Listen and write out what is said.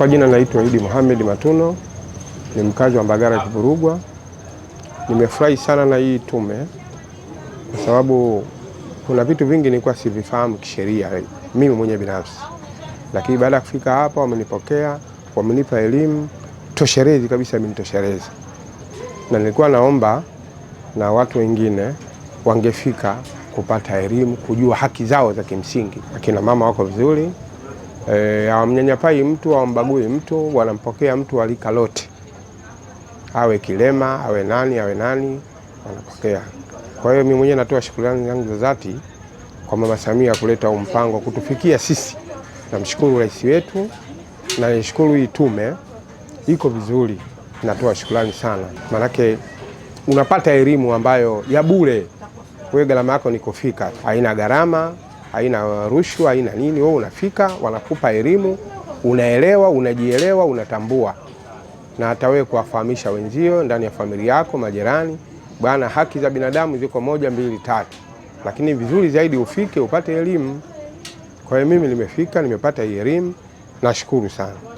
Kwa jina naitwa Idi Mohamed Matuno, ni mkazi wa Mbagala Kivurugwa. Nimefurahi sana na hii tume kwa sababu kuna vitu vingi nilikuwa sivifahamu kisheria mimi mwenyewe binafsi, lakini baada ya kufika hapa wamenipokea, wamenipa elimu tosherezi kabisa, imenitoshereza na nilikuwa naomba na watu wengine wangefika kupata elimu, kujua haki zao za kimsingi. Akina mama wako vizuri e, mtu, hawambagui mtu, wanampokea mtu alika lote, awe kilema awe nani awe nani, wanapokea. Kwa hiyo mimi mwenyewe natoa shukrani zangu za dhati kwa Mama Samia kuleta huu mpango kutufikia sisi. Namshukuru rais wetu na nishukuru hii tume iko vizuri, natoa shukrani sana, maanake unapata elimu ambayo ya bure, wewe gharama yako ni kufika, haina gharama haina rushwa, haina nini. Wewe unafika, wanakupa elimu, unaelewa, unajielewa, unatambua, na hata wewe kuwafahamisha wenzio ndani ya familia yako, majirani, bwana, haki za binadamu ziko moja, mbili, tatu, lakini vizuri zaidi ufike upate elimu. Kwa hiyo mimi nimefika, nimepata hii elimu, nashukuru sana.